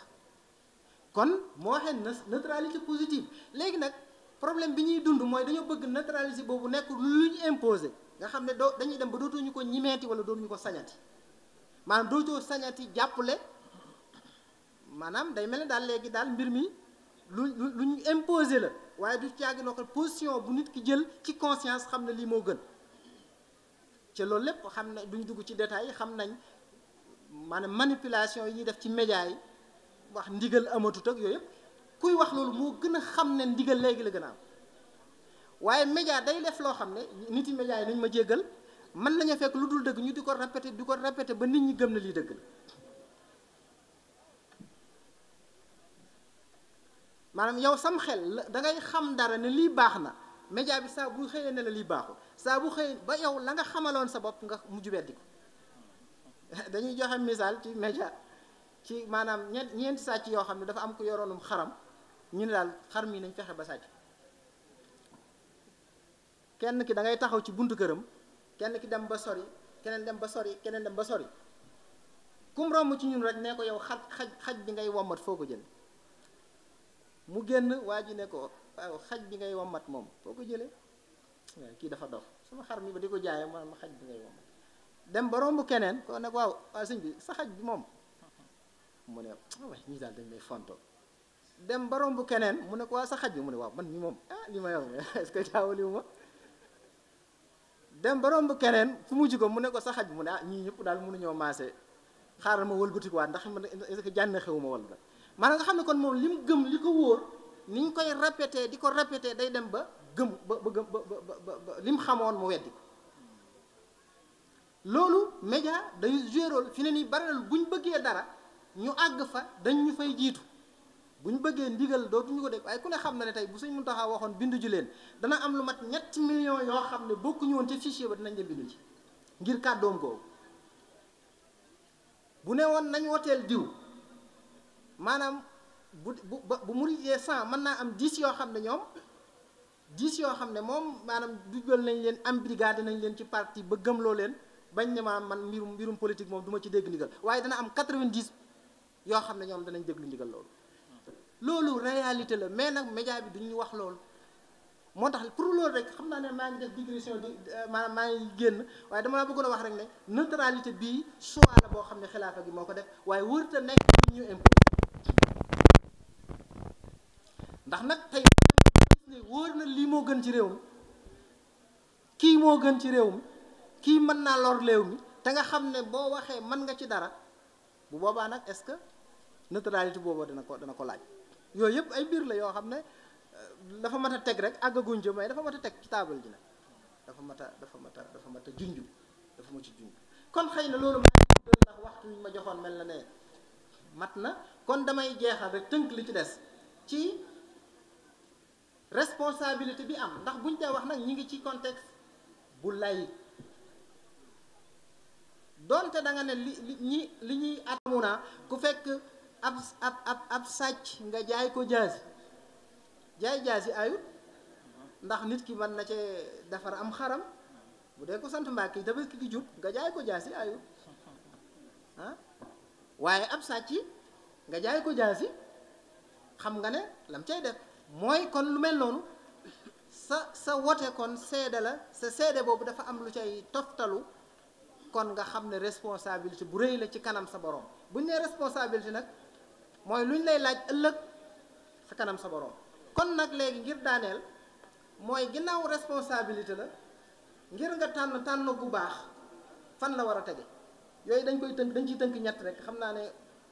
kon moo waxee neutralité positive léegi nag problème bi ñuy dund mooy dañoo bëgg neutralité boobu nekk lu ñu imposé nga xam ne doo dañuy dem ba dootuñu ko ñimeeti wala dootuñu ko sañati maanaam dootoo sañati jàppale maanaam day mel ne daal léegi daal mbir mi lu lu ñu imposé la waaye du caagi noo ko position bu nit ki jël ci conscience xam na lii moo gën ca loolu lépp xam na duñ dugg ci détails yi xam nañ maanaam manipulation yi ñuy def ci média yi wax ndigal amatut ak yooyu yëpp kuy wax loolu moo gën a xam ne ndigal léegi la gën a am waaye média day def loo xam ne nit yi média nañ ma jéggal mën nañu fekk lu dul dëgg ñu di ko répété di ko répété ba nit ñi gëm na lii dëgg la maanaam yow sam xel da ngay xam dara ne lii baax na média bi saa bu xëyee ne la lii baaxul saa bu xëyee ba yow la nga xamaloon sa bopp nga mujj weddi ko dañuy joxe misaal ci média ci maanaam ñeent ñeenti sàcc yoo xam ne dafa am ku yoroonum xaram ñu ne daal xar mii nañ fexe ba sàcc kenn ki da ngay taxaw ci buntu këram kenn ki dem ba sori keneen dem ba sori keneen dem ba sori kum romb ci ñun rek nee ko yow xaj xaj xaj bi ngay wommat foo ko jël mu génn waa ji ne ko waaw xaj bi ngay wammat moom foo ko jëlee waaye eh, kii dafa dof sama xar mi ba di ko jaayee ma xaj bi ngay wammat dem ba romb keneen ko ne waaw waa bi sa xaj bi moom mu ne ah waaye ñii daal dañ may fonto dem ba romb keneen mu ne ko waa sa xaj bi mu ne waaw man mi moom ah li ma yor est-ce que jaawaliwu ma dem ba romb keneen fu mujj ko mu ne ko sa xaj bi mu ne ah ñii ñëpp daal mënuñoo maase xaaral ma wëlbatikuwaat ndax man est-ce que jànn xew ma wala man nga xam ne kon moom li gëm li ko wóor ni ñu koy répété di ko répété day dem ba gëm ba ba gëm ba ba li mu xamoon mu weddi loolu média day joué rôle fi ne nii bari na bu ñu bëggee dara ñu àgg fa dañ ñu fay jiitu bu ñu bëggee ndigal ñu ko def waaye ku ne xam na ne tey bu Sëñ taxaw waxoon bindu ji leen dana am lu mat ñetti million yoo xam ne bokkuñu woon ci fichier ba dinañ dem bindu ji ngir kàddoom googu bu ne woon nañu woteel diw maanaam bu bu bu mu yee cent mën naa am dix yoo xam ne ñoom dix yoo xam ne moom maanaam dugal nañ leen am brigade nañ leen ci parti ba gëm gëmloo leen bañ ne maanaam man mbirum mbirum politique moom duma ci dégg ndigal waaye dana am quatre-vingt-dix yoo xam ne ñoom danañ lu ndigal loolu. loolu réalité la mais nag média bi du duñu wax loolu moo tax pour loolu rek xam naa ne maa ngi def digression di euh, maa maa ngi génn waaye dama la bëggoon wax rek ne neutralité bii choix la boo xam ne xilaafa ko def waaye wërta nekk ñu impôt ndax nag tey ne wóor na lii moo gën ci réew mi kii moo gën ci réew mi kii mën naa lor réew mi te nga xam ne boo waxee mën nga ci dara bu boobaa nag est-ce que neutralité boobu dana ko dana ko laaj yooyu yëpp ay mbir la yoo xam ne euh, dafa mat a teg rek àggaguñ ci may dafa mat a teg ci taabal ji nag dafa mat a dafa mat a dafa mat a junj dafa ma ci junj kon xëy na loolu maa ndax waxtu ma joxoon mel na ne mat na kon damay jeexal rek tënk li ci des ci responsabilité bi am ndax buñ dee wax nag ñi ngi ci contexte bu lay donte danga ne li li ñi li ñuy atamu naa ku fekk ab ab ab ab sàcc nga jaay ko jaasi jaay jaasi ayut ndax nit ki mën na cee defar am xaram bu dee ko sant Mbàkke yi tabaski ki jub nga jaay ko jaasi ayut ah waaye ab sàcc nga jaay ko jaasi xam nga ne lam cay def mooy kon lu mel noonu sa sa wote kon seede la sa seede boobu dafa am lu cay toftalu kon nga xam ne responsabilité bu rëy la ci kanam sa borom bu ñu nee responsabilité nag mooy lu ñu lay laaj ëllëg sa kanam sa borom kon nag léegi ngir daaneel mooy ginnaaw responsabilité la ngir nga tànn tànn bu baax fan la war a tege yooyu dañ koy tënk dañ ciy tënk ñett rek xam naa ne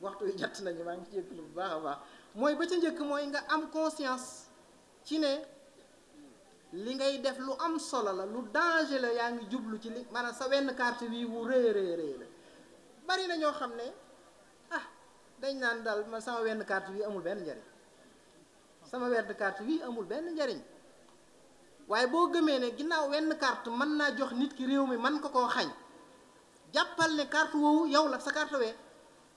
waxtu yu ñett nañu maa ngi jégalu bu baax a baax. mooy ba ca njëkk mooy nga am conscience ci ne li ngay def lu am solo la lu danger la yaa ngi jublu ci li maanaam sa wenn carte bii wu rëy rëy bari na ñoo xam ne ah dañ naan daal wenn carte bii amul benn njariñ sama wenn carte bii amul benn njariñ waaye boo gëmee ne ginnaaw wenn carte mën naa jox nit ki réew mi mën ko koo xañ jàppal ne carte woowu yow la sa carte wee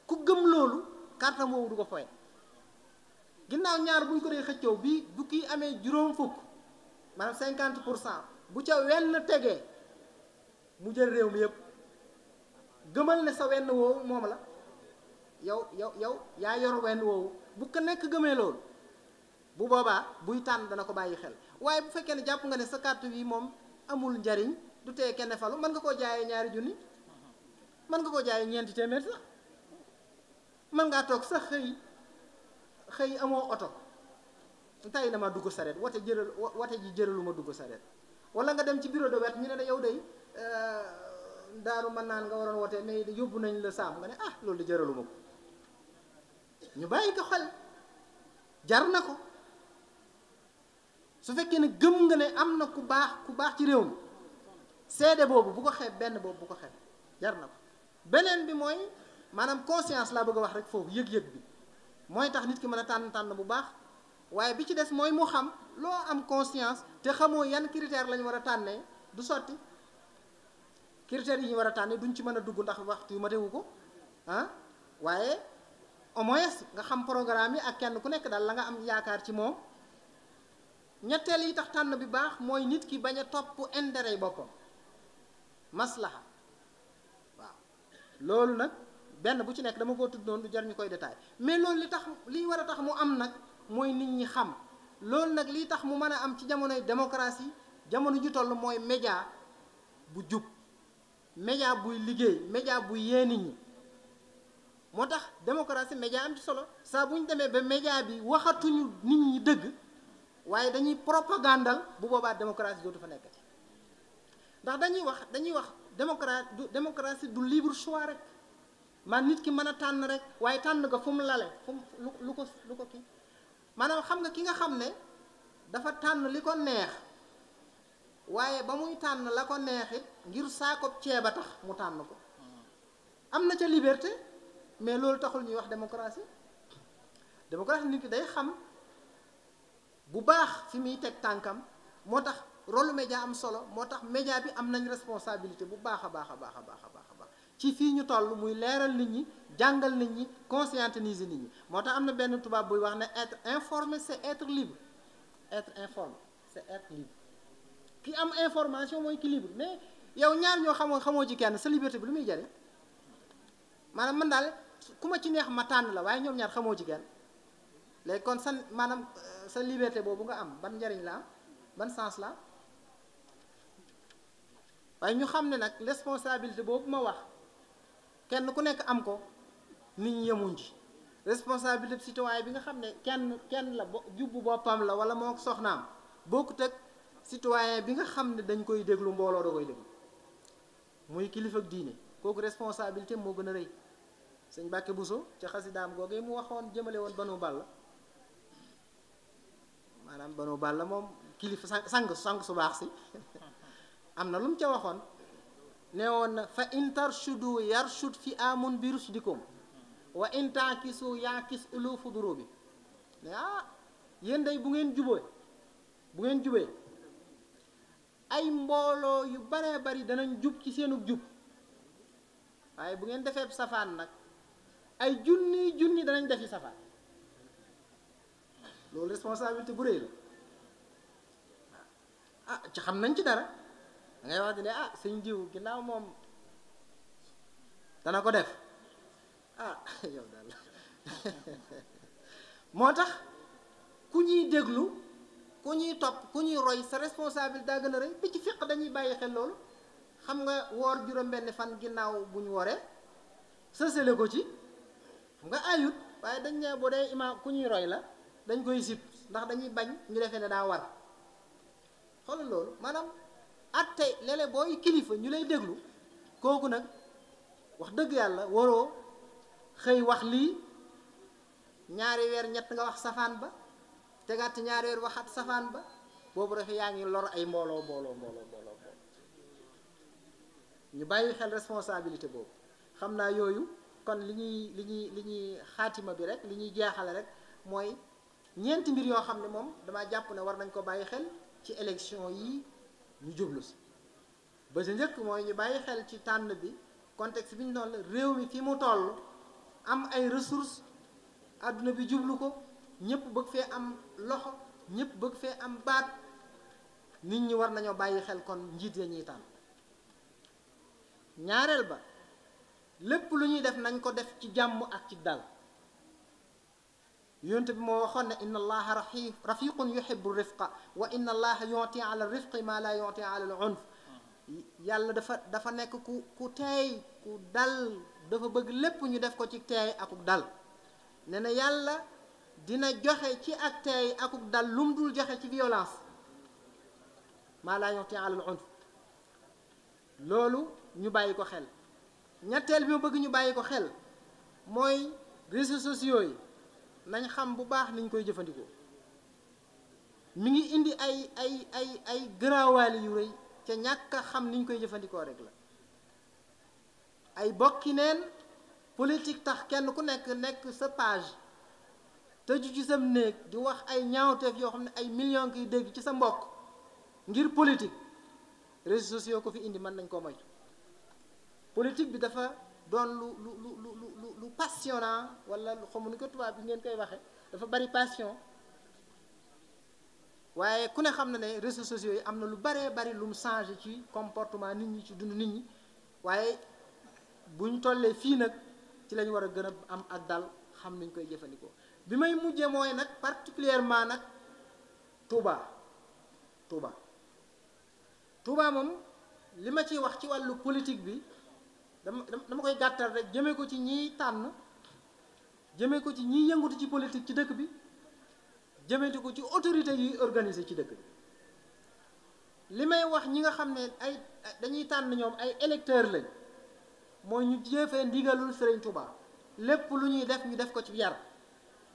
ku gëm loolu carte am woowu du ko foye ginnaaw ñaar buñ ko dee xëccoo bii bu kii amee juróom fukk maanaam cinquante pour cent bu ca wenn tegee mu jël réew mi yépp gëmal ne sa wenn woowu moom la yow yow yow yaa yor wenn woowu bu ko nekk gëmee loolu bu boobaa buy tànn dana ko bàyyi xel waaye bu fekkee ne jàpp nga ne sa carte bi moom amul njariñ du tee kenn falu mën nga koo jaayee ñaari junni mën nga koo jaayee ñeenti téeméer sax mën ngaa toog sa xëy xëy amoo oto tey dama dugg saret wate jëral wate ji jëraluma dugg saret wala nga dem ci biiro de wet ñu ne la yow day euh, daaru mën naan nga waroon wote mais yóbbu nañ la saam nga ne ah loolu di jëraluma ko ñu bàyyi ko xel jar na ko su fekkee ne gëm nga ne am na ku baax ku baax ci réew mi seede boobu bu ko xeeb benn boobu bu ko xeeb jar na ko beneen bi mooy maanaam conscience laa bëgg a wax rek foofu yëg-yëg bi mooy tax nit ki mën a tànn tànn bu baax waaye bi ci des mooy mu xam loo am conscience te xamoo yan critère lañ war a tànnee du sotti critères yi ñu war a tànnee duñ ci mën a dugg ndax waxtu yu ma tewu ko ah waaye au moins nga xam programme yi ak kenn ku nekk daal la nga am yaakaar ci moom ñetteel yi tax tànn bi baax mooy nit ki bañ a topp intérêt yi boppam maslaha waaw loolu nag benn bu ci nekk dama koo tudd noonu du jar ñu koy détail mais loolu li tax li war a tax mu am nag mooy nit ñi xam loolu nag lii tax mu mën a am ci jamonoy démocratie jamono ju toll mooy média bu jub média buy liggéey média bu yee nit ñi moo tax démocratie média am ci solo saa bu ñu demee ba média bi waxatuñu nit ñi dëgg waaye dañuy propagandal bu boobaa démocratie dootu fa nekkati ndax dañuy wax dañuy wax démocratie du démocratie du libre choix rek. man nit ki mën a tànn rek waaye tànn ga fu mu lale fu lu lu ko lu ko kii maanaam xam nga ki nga xam ne dafa tànn li ko neex waaye ba muy tànn la ko neexit ngir ceeb a tax mu tànn ko am na ca liberté mais loolu taxul ñuy wax démocratie démocratie nit ki day xam bu baax fi muy teg tànkam moo tax rôle média am solo moo tax média bi am nañ responsabilité bu baax a baax a baax a baax a baax ci fii ñu toll muy leeral nit ñi jàngal nit ñi conscientiser nit ñi moo tax am na benn tubaab buy wax ne être informé c'est être libre être informé c'est être libre ki am information mooy ki libre mais yow ñaar ñoo xamoo xamoo ci kenn sa liberté bi lu muy jariñ maanaam man daal ku ma ci neex ma tànn la waaye ñoom ñaar xamoo ci kenn léegi kon sa maanaam euh, sa liberté boobu nga am ban njariñ laa ban sens la waaye ñu xam ne nag responsabilité boobu ma wax. kenn ku nekk am ko nit ñi yemuñ ci responsabilité citoyen bi nga xam ne kenn kenn la jubbu boppam la wala moo soxnaam bokkut ak citoyen bi nga xam ne dañ koy déglu mbooloo da koy déglu muy kilifa ak diine kooku responsabilité moo gën a rëy sëñ Mbàkke Buso ci xasidaam googee mu waxoon jëmale woon banu Balla maanaam banu la moom kilifa sang sang su baax si am na lu mu ca waxoon ne woon na fa in tarshudu yarshud fi amun bi rushdikum wa in taakisu yaakis ulufu durubi ne ah yéen day bu ngeen jubee bu ngeen jubee ay mbooloo yu baree bari danañ jub ci seenu jub waaye bu ngeen defee safaan nag ay junni junni danañ defi safaan loolu responsabilité bu rëy la ah ci xam nañ ci dara da ngay wax ne ah sëñ jiw ginnaaw moom dana ko def ah yow daal moo tax ku ñuy déglu ku ñuy topp ku ñuy roy sa responsabilité daa gën a rëy bi ci fiq dañuy bàyyi xel loolu xam nga woor juróom-benn fan ginnaaw bu ñu woree sësale ko ci nga ayut waaye dañ ne bu dee imaam ku ñuy roy la dañ koy sib ndax dañuy bañ ñu defee ne daa war xoolal loolu maanaam atte léeg-léeg booy kilifa ñu lay déglu kooku nag wax dëgg yàlla waroo xëy wax lii ñaari weer ñett nga wax safaan ba tegaat ñaari weer waxaat safaan ba boobu dafa yaa ngi lor ay mbooloo mbooloo mbooloo mbooloo ñu bàyyi xel responsabilité boobu xam naa yooyu kon li ñuy li ñuy li ñuy xaatima bi rek li ñuy jaaxale rek mooy ñeenti mbir yoo xam ne moom dama jàpp ne war nañ ko bàyyi xel ci élection yi ñu jublu si ba si njëkk mooy ñu bàyyi xel ci tànn bi contexte bi ñu doon la réew mi fi mu toll am ay ressources àdduna bi jublu ko ñëpp bëgg fee am loxo ñëpp bëgg fee am baat nit ñi war nañoo bàyyi xel kon njiit ya ñuy tànn ñaareel ba lépp lu ñuy def nañ ko def ci jàmm ak ci dal yonent bi moo waxoon ne inna allaha rafi rafiqun yuhibbu rifqa wa inna allaha yonti ala rifqi ma la yonti ala al unf yàlla dafa dafa nekk ku ku teey ku dal dafa bëgg lépp ñu def ko ci teey akuk dal nee na yàlla dina joxe ci ak teey akuk dal joxe ci violence ma la yonti ala al loolu ñu bàyyi ko xel ñetteel bi ma bëgg ñu bàyyi ko xel mooy réseaux sociaux yi nañ xam bu baax niñ koy jëfandikoo mu ngi indi ay ay ay ay garaawaali yu rëy ca ñàkk a xam niñ koy jëfandikoo rek la ay bokki neen politique tax kenn ku nekk nekk sa page tëju ci sam néeg di wax ay ñaawteef yoo xam ne ay millions kiy dégg ci sa mbokk ngir politik réseaux sociaux ko fi indi mën nañ koo moytu politique bi dafa doon lu lu lu lu lu passionnant wala lu xamu ni ko tubaab bi ngeen koy waxe dafa bari passion waaye ku ne xam na ne réseaux sociaux yi am na lu baree bari lum mu ci comportement nit ñi ci dund nit ñi waaye buñ tollee fii nag ci lañu war a gën a am ak dal xam nañ koy jëfandikoo bi may mujje mooy nag particulièrement nag Touba Touba Touba moom li ma ciy wax ci wàllu politique bi dama dama koy gàttal rek jëmee ko ci ñiy tànn jëmee ko ci ñiy yëngatu ci politique ci dëkk bi jëmee ko ci autorité yuy organisé ci dëkk bi li may wax ñi nga xam ne ay dañuy tànn ñoom ay électeurs lañ mooy ñu jëfee ndigalul Serigne Touba lépp lu ñuy def ñu def ko ci yar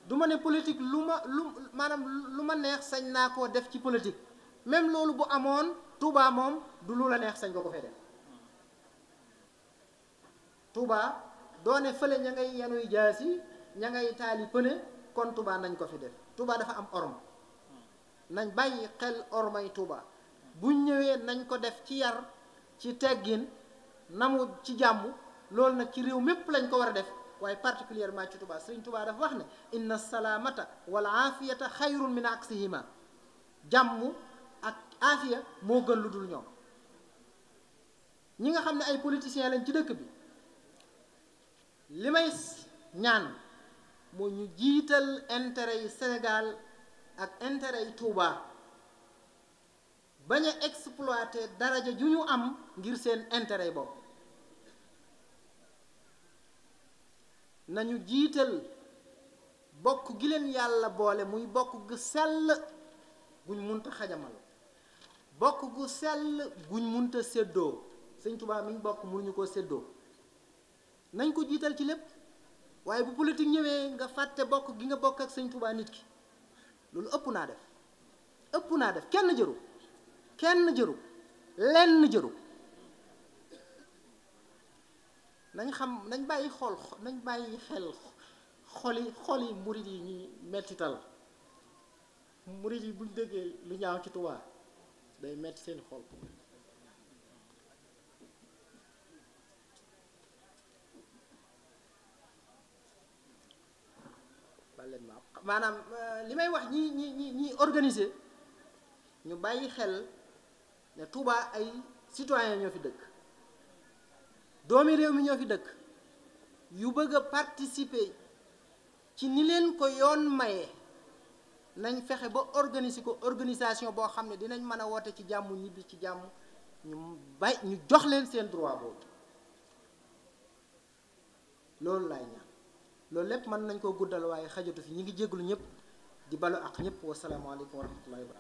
du ma ne politique lu ma lu maanaam lu ma neex sañ naa koo def ci politique même loolu bu amoon Touba moom du lu la neex sañ ko ko fee Touba doone fële ña ngay yenuy jaasi ña ngay taali pëne kon Touba nañ ko fi def tubaa dafa am orom nañ bàyyi xel ormay Touba buñ ñëwee nañ ko def ci yar ci teggin namu ci jàmm loolu nag ci réew mépp lañ ko war a def waaye particulièrement ci Touba Sëriñ Touba dafa wax ne inna salaamata wal aafiyata xayrun min aksihima jàmm ak aafiya moo gën lu dul ñoom ñi nga xam ne ay politiciens lañ ci dëkk bi li may ñaan moo ñu jiital intérêt yi Sénégal ak intérêt yi Touba bañ a exploiter daraja ju ñu am ngir seen intérêt yi bopp nañu jiital bokk gi leen yàlla boole muy bokk gu sell guñ munta xajamal bokk gu sell guñ munta séddoo sëñ Touba miñ bokk mënuñu ko séddoo nañ ko jiital ci lépp waaye bu politique ñëwee nga fàtte bokk gi nga bokk ak sëñ Touba nit ki loolu ëpp naa def ëpp naa def kenn jëru kenn jëru lenn jëru nañ xam nañ bàyyi xool nañ bàyyi xel xoli xoli murit yi ñuy mettital murit yi buñ déggee lu ñaaw ci Touba day metti seen xol bal ma maanaam euh, li may wax ñi ñi ñi ñi organiser ñu bàyyi xel ne Touba ay citoyen ñoo fi dëkk doomi réew mi ñoo fi dëkk yu bëgg a participer ci ni leen ko yoon maye nañ fexe ba organiser ko organisation boo xam ne dinañ mën a woote ci jàmm ñibbi ci jàmm ñu bàyyi ñu jox leen seen droit boobu loolu laay ñaan loolu lépp mën nañ koo guddal waaye xajatu fi ñu ngi jéglu ñëpp di balu ak ñëpp wasalaamaaleykum wa rahmatullahi wa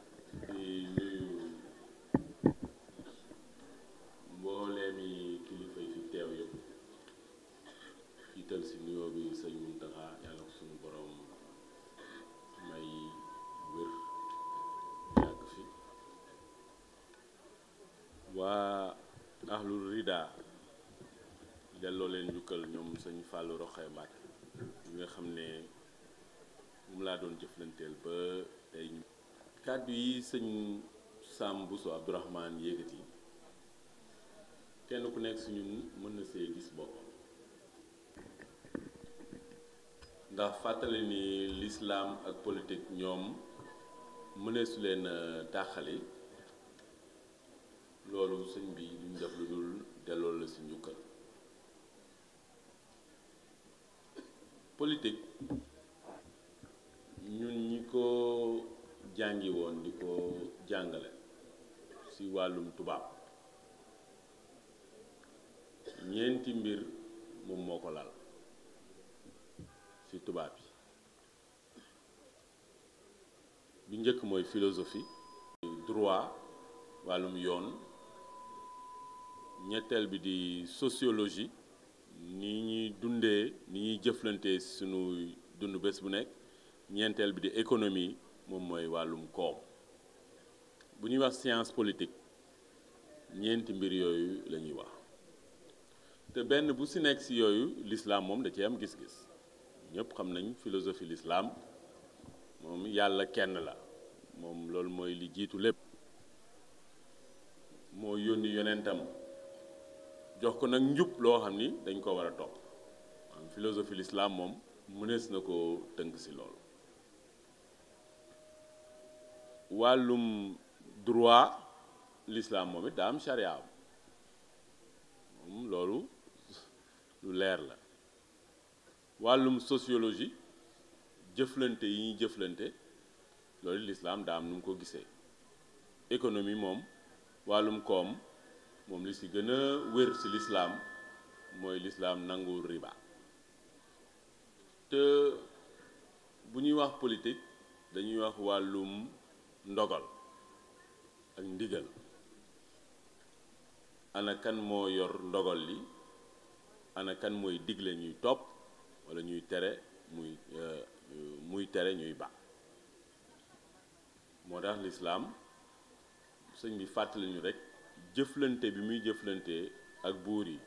kàddu yi sëñ Sam Bousso Abdourahmane yéegat kenn ku nekk suñu mën na see gis boppam ndax fàttali ni lislaam ak politik ñoom mëneesu leen euh, tàqali loolu sëñ bi duñ def lu dul delloo la si njukkal politique ñun ñi ko jaa ngi woon di ko jàngale ci wàllum tubaab ñeenti mbir moom moo ko lal ci tubaab yi bi njëkk mooy philosophie droit wàllum yoon ñetteel bi di sociologie ni ñuy dundee ni ñuy jëflante suñu dund bés bu nekk ñeenteel bi di économie moom mooy wàllum koom bu ñuy wax science politique ñeenti mbir yooyu la ñuy wax te benn bu si nekk si yooyu lislaam moom da cee am gis-gis ñëpp xam nañ philosophie l'islam moom yàlla kenn la moom loolu mooy li jiitu lépp moo yónni yonentam jox ko nag njub loo xam ni dañ ko war a topp am philosophie l'islam moom mënees na ko tënk si loolu wàllum droit l'islam moom it daa am charia moom loolu lu leer la wàllum sociologie jëflante yi ñuy jëflante loolu lislaam daa am nu mu ko gisee économie moom wàllum koom moom li si gën a wér si lislaam mooy lislaam nanguwul riba te bu ñuy wax politique dañuy wax wàllum ndogal ak ndigal ana kan moo yor ndogal li ana mooy digle ñuy topp wala ñuy tere muy euh, muy tere ñuy ba moo tax lislaam sëñ bi fàttali ñu rek jëflante bi muy jëflante ak buur yi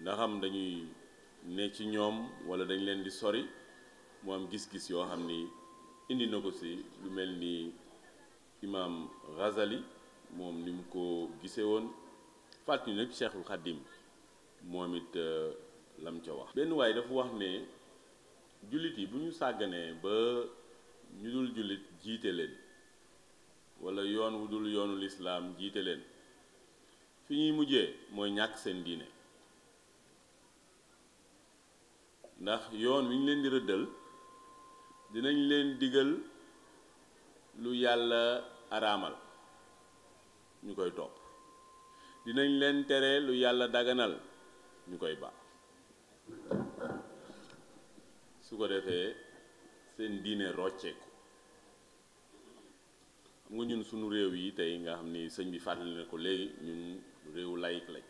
ndax dañuy ne ci ñoom wala dañ leen di sori mu am gis-gis yoo xam ni indi na ko si lu mel ni imaam Ghazali moom ni mu ko gisee woon fàttali nag Cheikhul Khadim moom it euh, lam ca wax. benn waaye dafa wax ne jullit yi bu ñu sàgganee ba ñu dul jullit jiite leen wala yoon wu dul yoonu lislaam jiite leen fi ñuy mujjee mooy ñàkk seen diine ndax yoon wi ñu leen di rëddal. dinañ leen diggal lu yàlla araamal ñu koy topp dinañ leen tere lu yàlla daganal ñu koy ba su ko defee seen diine rocceeku xam nga ñun suñu réew yi tey nga xam ni sëñ bi fàttali na ko léegi ñun réewu laïc lañ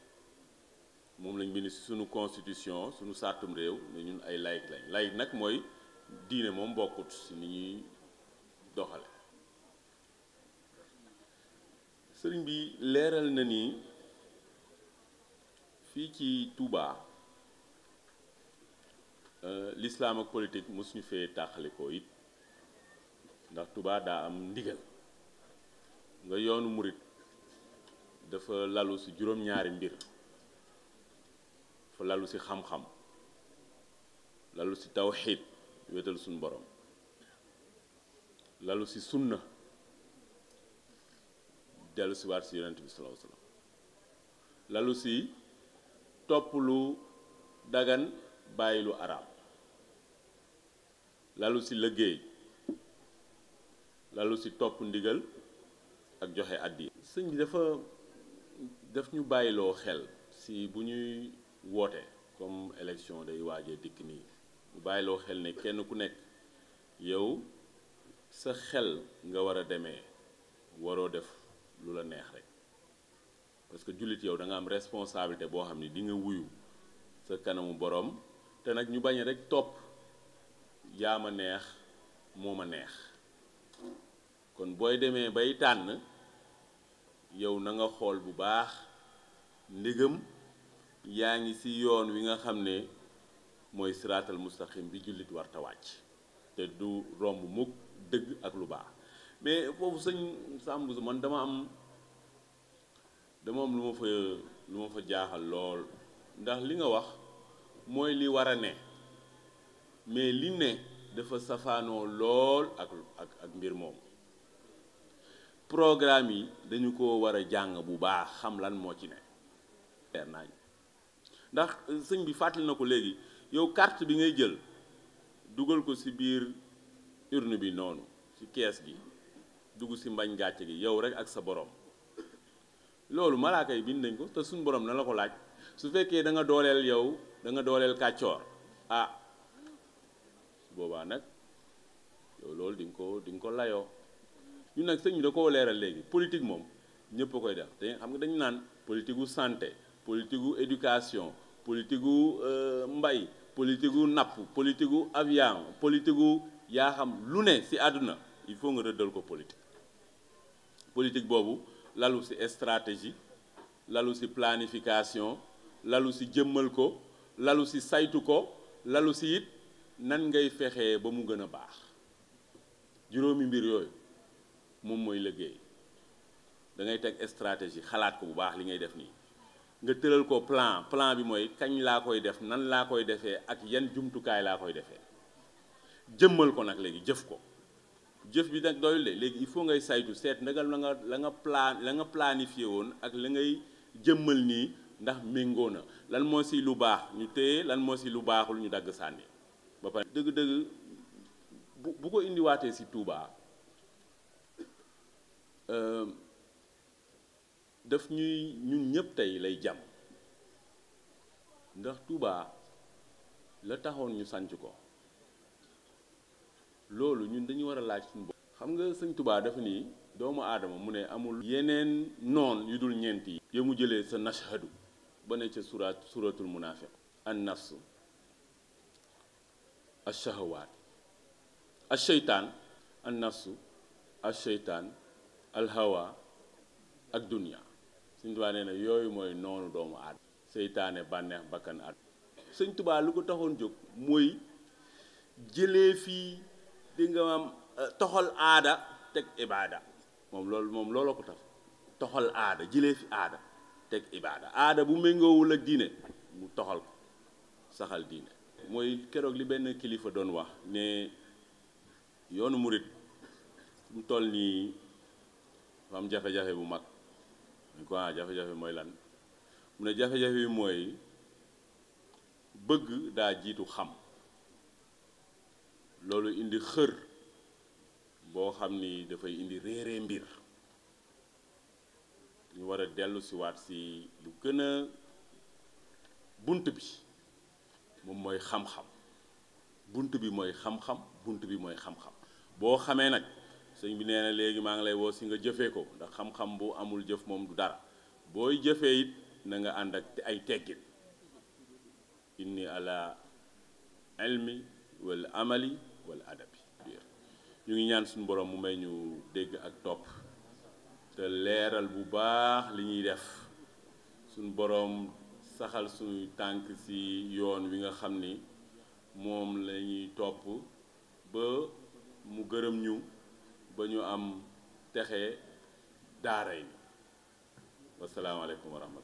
moom lañ bind ci sunu constitution sunu sàttum réew ne ñun ay laïc lañ laïc nag mooy diine moom bokkut si ni ñuy doxale sëriñ bi leeral na ni fii ci Touba euh, lislaam ak politique mosuñu fee tàqalikoo it ndax Touba daa am ndigal nga yoonu murit dafa lalu si juróom-ñaari mbir dafa lalu si xam-xam lalu si tawxiid wéetal suñu borom lalu si sunna dellu si waat si yonent bi sallallahu alayhi lalu si topp lu dagan bàyyilu lu lalu si liggéey lalu si topp ndigal ak joxe àddi sëñ dafa def ñu bàyyiloo xel si bu ñuy woote comme élection day waajee dikk nii bu bàyyiloo xel ne kenn ku nekk yow sa xel nga war a demee waroo def lu la neex rek parce que jullit yow danga am responsabilité boo xam ne di nga wuyu sa kanamu boroom te nag ñu bañ rek topp yaa ma neex moo ma neex kon booy demee bay tànn yow na nga xool bu baax ndigam yaa ngi ci yoon wi nga xam ne mooy siraatal mustaqim bi jullit war wàcc te du romb mukk dëgg ak lu baax mais foofu sëñ Samb man dama am dama am lu ma fa lu ma fa jaaxal lool ndax li nga wax mooy li war a ne mais li ne dafa safaanoo lool ak ak ak mbir moomu programme yi dañu ko war a jàng bu baax xam lan moo ci ne leer nañ ndax sëñ bi fàttali na ko léegi yow carte bi ngay jël dugal ko ci biir urne bi noonu ci kees gi dugg ci mbañ gàcce gi yow rek ak sa boroom loolu malaaka yi bind nañ ko te suñ borom na la ko laaj su fekkee danga dooleel yow danga dooleel kàccoor ah boobaa nag yow loolu di nga ko di nga ko layoo ñu nag sëñ bi da koo leeral léegi politique moom ñëpp a koy def te xam nga dañ naan politique gu santé politique gu éducation politique gu euh, mbay politique gu napp politique gu avion politique gu yaa xam lu ne si àdduna il faut nga rëddal ko politique politique boobu lalu si stratégie lalu si planification lalu si jëmmal ko lalu si saytu ko lalu si it nan ngay fexee ba mu gën a baax juróomi mbir yooyu moom mooy liggéey da ngay teg stratégie xalaat ko bu baax li ngay def nii nga tëral ko plan plan bi mooy kañ laa koy def nan laa koy defee ak yan jumtukaay laa koy defee jëmmal ko nag léegi jëf ko jëf bi nag doyul de léegi il faut ngay saytu seet ndagal la nga la nga plan la nga planifier woon ak la ngay jëmmal nii ndax méngoo na lan moo si lu baax ñu téye lan moo si lu baaxul ñu dagg sànni ba dëgg-dëgg bu bu ko indiwaatee si Touba. Euh, daf ñuy ñun ñëpp tey lay jàmm ndax tubaa la taxoon ñu sanc ko loolu ñun dañu war a laaj suñu bopp xam nga sëñ Touba dafa nii doomu aadama mu ne amul yeneen noon yu dul ñeent yi yo mu jëlee sa nashhadu ba ne ca surat suratul munafiq an nafsu ash-shahawaat ash-shaytaan an nafsu ash-shaytaan al hawa ak dunya sëñ tubaa nee na yooyu mooy noonu doomu aadama seytaane bànneex bàkkan at sëñ tubaa lu ko taxoon jóg mooy jëlee fii di nga am euh, toxal aada teg ibaada moom loolu moom looloo ko tax toxal aada jëlee fi aada teg ibaada aada bu méngoowul ak diine mu toxal ko saxal diine mooy keroog li benn kilifa doon wax ne yoonu murit mu toll nii am jafe-jafe bu mag ñu ko ah jafe-jafe mooy lan mu ne jafe-jafe bi mooy bëgg daa jiitu xam loolu indi xër boo xam ni dafay indi réere mbir ñu war a dellu si waat si lu gën a bunt bi moom mooy xam bunt bi mooy xam-xam bunt bi mooy xam-xam boo xamee nag sëñ bi nee na léegi maa ngi lay woo si nga jëfee ko ndax xam-xam bu amul jëf moom du dara booy jëfee it na nga ànd ak ay teggin inni ala ilmi wal amali walla adabi ñu ngi ñaan suñu borom mu may ñu dégg ak topp te leeral bu baax li ñuy def suñ boroom saxal suñu tànk si yoon wi nga xam ni moom la ñuy topp ba mu gërëm ñu ba ñu am texe daaray wasalaamaaleykum wa rahmatullah